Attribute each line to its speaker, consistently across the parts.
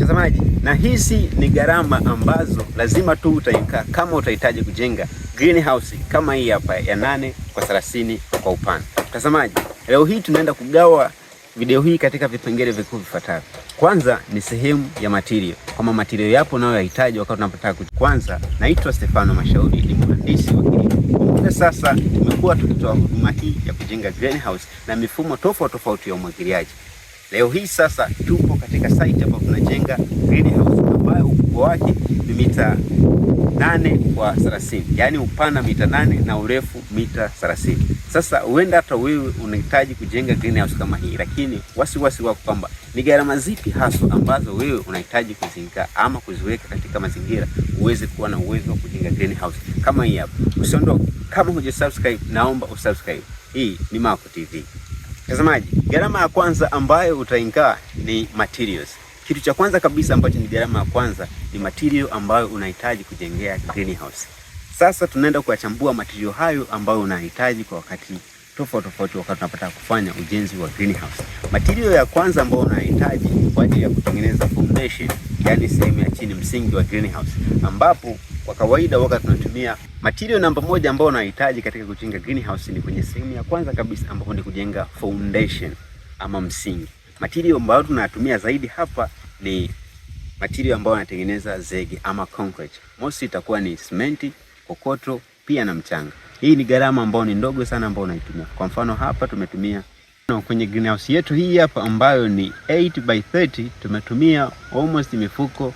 Speaker 1: mtazamaji, na hizi ni gharama ambazo lazima tu utaika kama utahitaji kujenga greenhouse kama hii hapa ya nane kwa thelathini kwa upana. Mtazamaji, leo hii tunaenda kugawa video hii katika vipengele vikuu vifuatavyo. Kwanza ni sehemu ya material, kama material yapo nayo yahitaji wakati tunapotaka ku. Kwanza naitwa Stefano Mashauri, ni mhandisi wa kilimo. sasa tumekuwa tukitoa huduma hii ya kujenga greenhouse na mifumo tofauti tofauti ya umwagiliaji. Leo hii sasa tupo katika site ambayo tunajenga greenhouse ambayo ukubwa wake ni mita 8 kwa 30, yaani upana mita 8 na urefu mita 30. Sasa huenda hata wewe unahitaji kujenga greenhouse kama hii, lakini wasiwasi wako kwamba ni gharama zipi hasa ambazo wewe unahitaji kuzingatia ama kuziweka katika mazingira uweze kuwa na uwezo wa kujenga greenhouse kama hii hapa. Usiondoke. Kama hujasubscribe, naomba usubscribe. Hii ni Maco TV. Mtazamaji, gharama ya kwanza ambayo utaingaa ni materials. Kitu cha kwanza kabisa ambacho ni gharama ya kwanza ni material ambayo unahitaji kujengea greenhouse. Sasa tunaenda kuyachambua material hayo ambayo unahitaji kwa wakati tofauti tofauti wakati tunapata kufanya ujenzi wa greenhouse. Material ya kwanza ambayo unahitaji kwa ajili ya kutengeneza foundation yaani sehemu ya chini, msingi wa greenhouse, ambapo kwa kawaida waka tunatumia material namba moja ambayo unahitaji katika kujenga greenhouse ni kwenye sehemu ya kwanza kabisa, ambapo ni kujenga foundation ama msingi. Material ambayo tunatumia zaidi hapa ni material ambayo anatengeneza zege ama concrete. Mostly itakuwa ni cement, kokoto pia na mchanga. Hii ni gharama ambayo ni ndogo sana ambayo unaitumia. Kwa mfano hapa tumetumia No, Kwenye greenhouse yetu hii hapa ambayo ni 8 by 30 tumetumia almost mifuko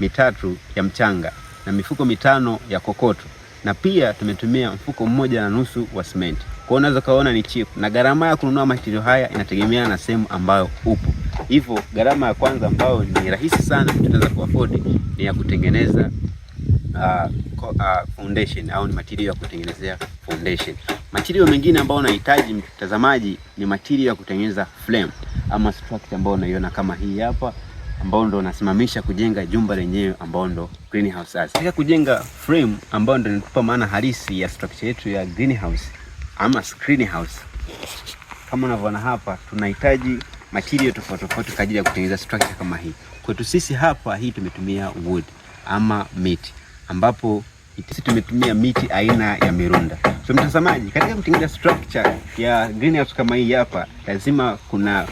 Speaker 1: mitatu ya mchanga na mifuko mitano ya kokoto na pia tumetumia mfuko mmoja na nusu wa simenti. Kwa hiyo unaweza kaona ni cheap, na gharama ya kununua material haya inategemeana na sehemu ambayo upo. Hivyo gharama ya kwanza ambayo ni rahisi sana tunaweza kuafford ni ya kutengeneza uh, uh, foundation au ni material ya kutengenezea foundation. Material mengine ambayo unahitaji mtazamaji ni material ya kutengeneza frame ama structure ambayo unaiona kama hii hapa, ambayo ndo unasimamisha kujenga jumba lenyewe ambao ndo greenhouse. Sasa katika kujenga frame ambayo ndo inatupa maana halisi ya structure yetu ya greenhouse ama screen house, kama unavyoona hapa, tunahitaji material tofauti tofauti kwa ajili ya kutengeneza structure kama hii. Kwetu sisi hapa, hii tumetumia wood ama miti, ambapo sisi tumetumia miti aina ya mirunda So mtazamaji, katika kutengeneza structure ya greenhouse kama hii hapa, lazima kuna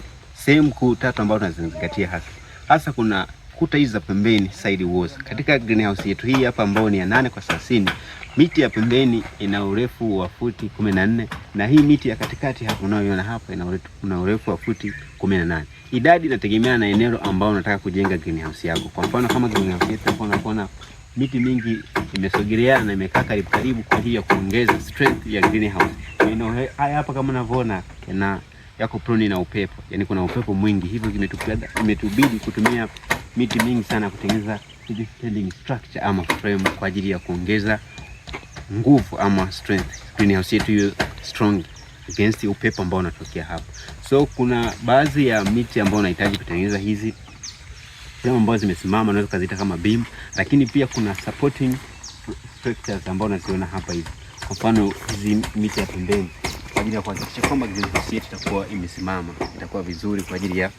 Speaker 1: sehemu kuu tatu ambazo tunazingatia hasa hasa. Kuna kuta hizi za pembeni, side walls. Katika greenhouse yetu hii hapa ambayo ni ya nane kwa thelathini, miti ya pembeni ina urefu wa futi kumi na nne na hii miti ya katikati hapo unayoiona hapa ina urefu wa futi kumi na nane. Idadi inategemeana na eneo ambao unataka kujenga greenhouse yako. Kwa mfano kama greenhouse yetu hapa unaona miti mingi imesogeleana na imekaa karibu karibu kwa hiyo kuongeza strength ya greenhouse. Maeneo haya hapa kama unavyoona na yako prone na upepo, yani kuna upepo mwingi, hivyo imetubidi kutumia miti mingi sana kutengeneza standing structure ama frame kwa ajili ya kuongeza nguvu ama strength greenhouse yetu hiyo strong against upepo ambao unatokea hapa. So kuna baadhi ya miti ambayo unahitaji kutengeneza hizi sehemu ambazo zimesimama unaweza kuziita kama beam, lakini pia kuna supporting structures ambazo unaziona hapa hizi, kwa mfano hizi miti ya pembeni, kwa ajili ya kuhakikisha kwamba greenhouse yetu itakuwa imesimama, itakuwa vizuri kwa ajili ya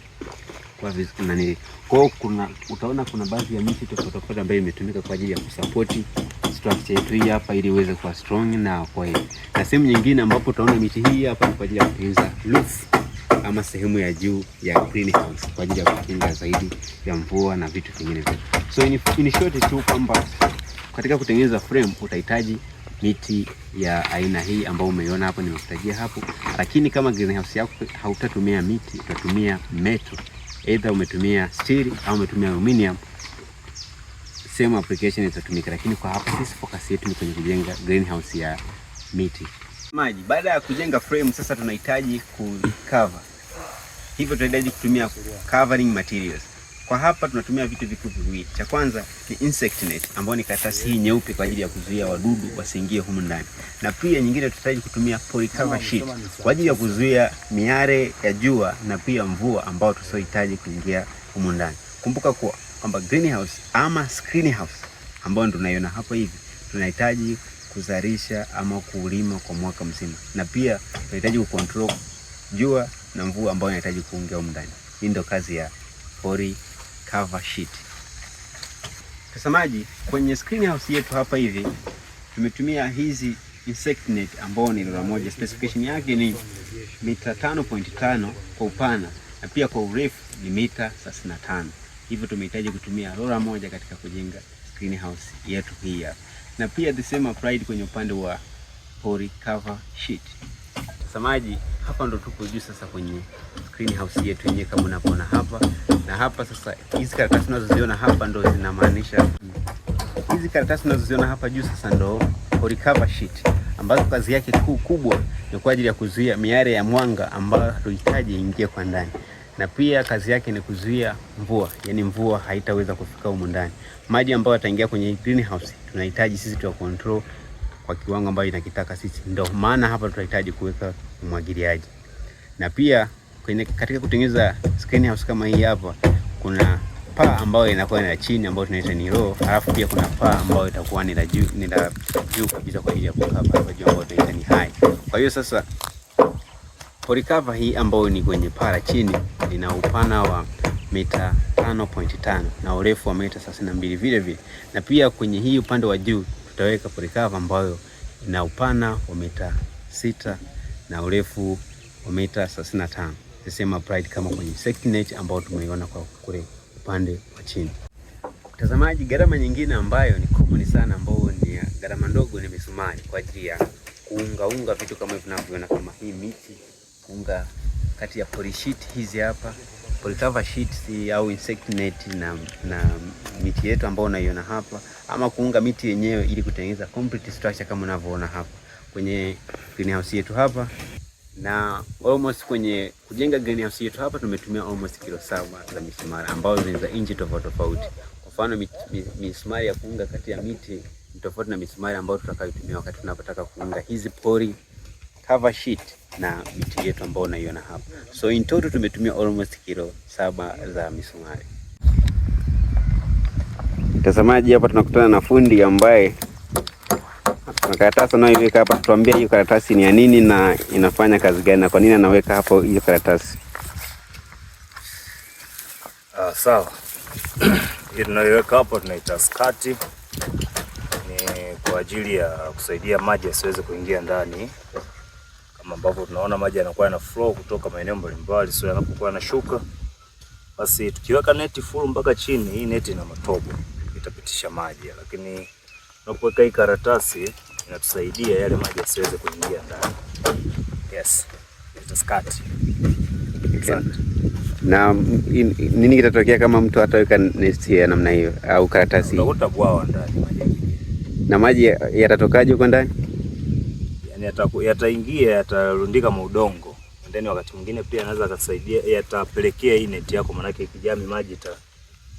Speaker 1: kwa vizuri nani. Kwa hiyo kuna utaona kuna baadhi ya miti tofauti tofauti ambayo imetumika kwa ajili ya kusupport structure yetu hii hapa, ili iweze kuwa strong na kwa hiyo na sehemu nyingine ambapo utaona miti hii hapa ni kwa ajili ya kutengeneza roof ama sehemu ya juu ya greenhouse kwa ajili ya kukinga zaidi ya mvua na vitu vingine vyote. So in, in short tu kwamba katika kutengeneza frame utahitaji miti ya aina hii ambayo umeiona hapo, nimekutajia hapo. Lakini kama greenhouse yako hautatumia miti, utatumia metal, either umetumia steel au umetumia aluminium, same application itatumika. Lakini kwa hapa sisi focus yetu ni kwenye kujenga greenhouse ya miti maji. Baada ya kujenga frame, sasa tunahitaji cover, hivyo tunahitaji kutumia covering materials. Kwa hapa tunatumia vitu vikuu viwili, cha kwanza ni insect net ambayo ni karatasi hii nyeupe kwa ajili ya kuzuia wadudu wasiingie humu ndani, na pia nyingine tutahitaji kutumia polycover sheet kwa ajili ya kuzuia miare ya jua na pia mvua ambao tusiohitaji kuingia humu ndani. Kumbuka kuwa kwamba greenhouse ama screen house ambayo tunaiona hapo hivi tunahitaji kuzalisha ama kulima kwa mwaka mzima, na pia unahitaji kucontrol jua na mvua ambayo inahitaji kuongea huko ndani. Hii ndio kazi ya pori cover sheet. Mtazamaji, kwenye screen house yetu hapa hivi tumetumia hizi insect net ambao ni lora moja, specification yake ni mita 5.5 kwa upana na pia kwa urefu ni mita 35. Hivyo tumehitaji kutumia lora moja katika kujenga screen house yetu hii hapa na pia the same applied kwenye upande wa pore cover sheet. Mtazamaji, hapa ndo tuko juu sasa kwenye house yetu yenyewe kama unapoona hapa, na hapa sasa hizi karatasi unazoziona hapa ndo zinamaanisha hizi karatasi tunazoziona hapa juu sasa ndo pore cover sheet ambazo kazi yake kuu kubwa ni kwa ajili ya kuzuia miale ya mwanga ambayo hatuhitaji ingie kwa ndani na pia kazi yake ni kuzuia mvua, yani mvua haitaweza kufika humu ndani. Maji ambayo yataingia kwenye greenhouse tunahitaji sisi tu control kwa kiwango ambayo inakitaka sisi, ndio maana hapa tunahitaji kuweka umwagiliaji. Na pia kwenye katika kutengeneza greenhouse kama hii hapa, kuna paa ambayo inakuwa ni la chini ambayo tunaita ni low, alafu pia kuna paa ambayo itakuwa ni la juu, ni la juu kabisa kwa ajili ya kukaa hapa juu ambayo tunaita ni high. Kwa hiyo sasa Polikava hii ambayo ni kwenye para chini lina upana wa mita 5.5 na urefu wa mita 32 vile vile, na pia kwenye hii upande wa juu tutaweka polikava ambayo ina upana wa mita 6 na urefu wa mita 35 sema pride kama kwenye net ambayo tumeiona kwa kule upande wa chini. Mtazamaji, gharama nyingine ambayo ni kubwa sana ambayo ni gharama ndogo ni misumari kwa ajili ya kuungaunga vitu kama hivi tunavyoona kama hii miti unga kati ya polisheet hizi hapa polycover sheets au insect net na, na miti yetu ambayo unaiona hapa, ama kuunga miti yenyewe ili kutengeneza complete structure kama unavyoona hapa kwenye greenhouse yetu hapa na almost kwenye kujenga greenhouse yetu hapa tumetumia almost kilo saba za misumari ambazo ni za inchi tofauti tofauti. Kwa mfano misumari ya kuunga kati ya miti ni tofauti na misumari ambayo tutakayotumia wakati tunapotaka kuunga hizi pori cover sheet na miti yetu ambayo unaiona hapa. So in total tumetumia almost kilo saba za misumari. Mtazamaji, hapa tunakutana na fundi ambaye na karatasi anayoiweka hapa, tuambia hiyo karatasi ni ya nini na inafanya kazi gani na kwa nini anaweka hapo hiyo karatasi. Ah, sawa. Tunayoiweka hapo tunaita skati, ni kwa ajili ya kusaidia maji yasiweze kuingia ndani ya kama ambavyo tunaona maji yanakuwa yana flow kutoka maeneo mbalimbali, sio yanapokuwa yanashuka. Basi tukiweka neti full mpaka chini, hii neti ina matobo itapitisha maji, lakini unapoweka hii karatasi inatusaidia yale maji yasiweze kuingia ndani. Yes, it's a exactly. Na nini kitatokea kama mtu ataweka nesti ya namna hiyo au karatasi? Utakuta bwawa ndani maji, na maji yatatokaje huko ndani? yataingia yatarundika maudongo, ndani. wakati mwingine pia anaweza akasaidia, yatapelekea hii neti yako, maanake kijami maji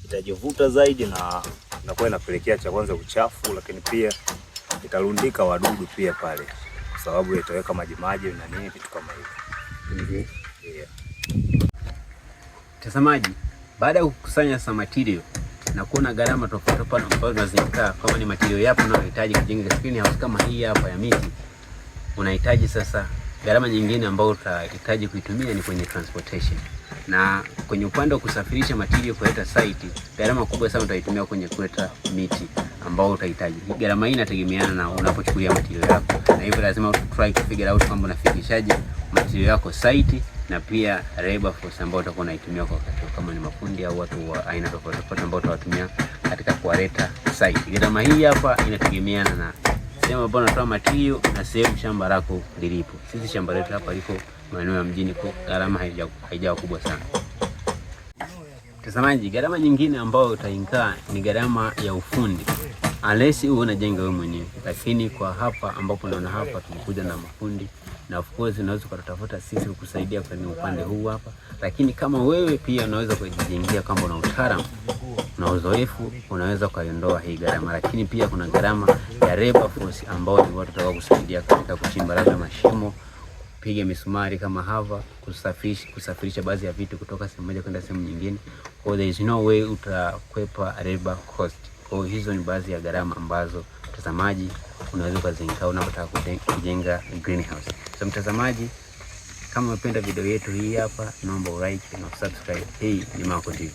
Speaker 1: itajivuta zaidi na inakuwa inapelekea cha kwanza uchafu, lakini pia itarundika wadudu pia pale, kwa sababu itaweka maji maji na nini vitu kama hivyo. Mhm. Mtazamaji, baada ya kukusanya sa material na kuona gharama tofauti tofauti ambazo zinazikaa, kama ni material yapo unayohitaji kujenga screen house kama hii hapa ya miti unahitaji sasa, gharama nyingine ambayo utahitaji kuitumia ni kwenye transportation, na kwenye upande wa kusafirisha material kuleta site, gharama kubwa sana utaitumia kwenye kuleta miti ambao utahitaji. Gharama hii inategemeana na unapochukulia material yako, na hivyo lazima try to figure out kwamba unafikishaje material yako site na pia labor force ambao utakuwa unaitumia kwa wakati, kama ni mafundi au watu wa aina tofauti tofauti ambao utawatumia katika kuwaleta site. Gharama hii hapa inategemeana na sehemu ambayo unatoa matirio na sehemu shamba lako lilipo. Sisi shamba letu hapa liko maeneo ya mjini, kwa gharama haijawa kubwa sana. Mtazamaji, gharama nyingine ambayo utaingaa ni gharama ya ufundi, unless uwe unajenga wewe mwenyewe, lakini kwa hapa ambapo naona hapa tumekuja na mafundi na of course unaweza kutafuta sisi kukusaidia kwenye upande huu hapa, lakini kama wewe pia unaweza kujijengea kama una utaalamu na uzoefu, unaweza kuiondoa hii gharama. Lakini pia kuna gharama ya labor force ambao ni watu watakao kusaidia katika kuchimba labda mashimo, kupiga misumari kama hava, kusafirisha kusafirisha baadhi ya vitu kutoka sehemu moja kwenda sehemu nyingine. So there is no way utakwepa labor cost. Kwa hizo ni baadhi ya gharama ambazo mtazamaji unaweza ukazingatia unapotaka kujenga greenhouse. So mtazamaji, kama umependa video yetu hii hapa, naomba ulike na subscribe Hii ni Maco TV.